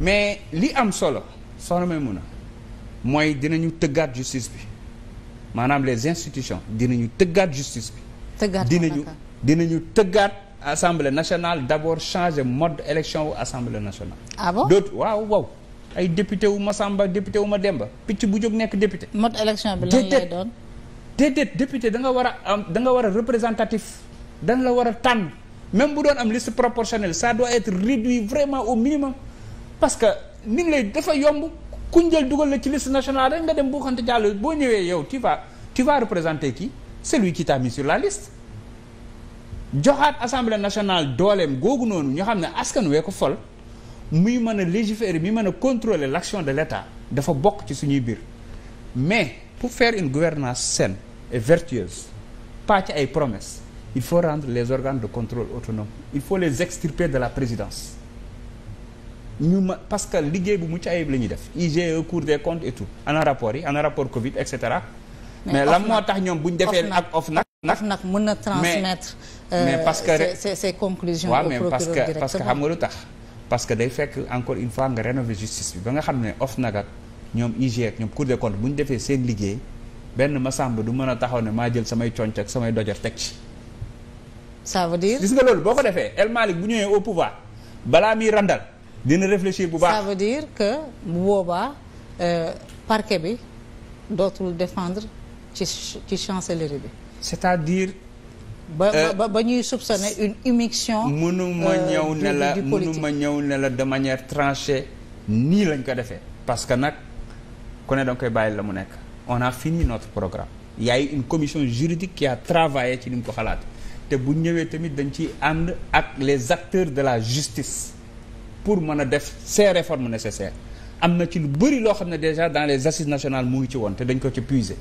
mais li am solo solo may mun a mooy dinañu tëggaat justice bi maanaam les institutions dinañu tëggaat justice bi dinañu dinañu tëggaat assemblée nationale d'abord changer mode élection wu assemblée nationale ah bon d'autres waaw waaw ay député wu ma Masamba député wu ma demba picc bu jóg nekk député mode élection bi lan lay doon déedéet député da nga war a am da nga war a représentatif dañ la war a tànn même bu doon am liste proportionnel ça doit être réduit vraiment au minimum parce que ni ngi lay dafa yomb ku jël dugal la ci liste national rek nga dem buuxante jàll boo ñëwee yow tu vas tu vas représenter qui celui qui t'a mis sur la liste joxaat assemblée nationale dooleem googu noonu ñu xam ne askan wee ko fol muy mën a légiférer muy mën a contrôler l'action de l'État dafa bokk ci suñuy biir mais pour fair une gouvernance saine et vertueuse pas ci ay promesses il faut rendre les organes de contrôle autonomes il faut les extirper de la présidence ñu ma parce que liggéey bu mucc ayib la ñuy def IGE cour des comptes et tout ana rapport yi ana rapport Covid et mais lan moo tax ñoom bu ñu defee nag OFNAC. nag mën na transmettre. mais euh, parce que ces ces conclusions. au procureur parce parce que xam nga lu tax. parce que day fekk encore une fois nga rénover justice bi ba nga xam ne OFNAC ak ñoom IGE ak ñoom cour des comptes bu ñu defee seen liggéey benn ma Massamba du mën a taxaw ne maa jël samay conc ak samay dojor teg ci. ça veut dire gis nga loolu boo ko defee El Malick bu ñëwee au pouvoir balaa muy randal. dina réfléchir bu baax. ça veut dire que bu boobaa euh, parquet bi dootul défendre ci ci chancellerie bi. c'est-à-dire. ba ba euh, ba ñuy soupçonner une immixtion. Euh, mënuma ñëw ne la mënuma ñëw ne la de manière tranchée nii lañ ko defee. parce que nag ku ne da nga koy bàyyi la mu nekk on a fini notre programme. yaay y a eu une commission juridique qui a travaillé ci ni mu ko xalaat te bu ñëwee tamit dañ ci ànd ak les acteurs de la justice. pour mën a def ces réformes nécessaires am na ci lu bëri loo xam ne déjà dans les assises nationales mu ngi ci woon te dañ ko ci puiser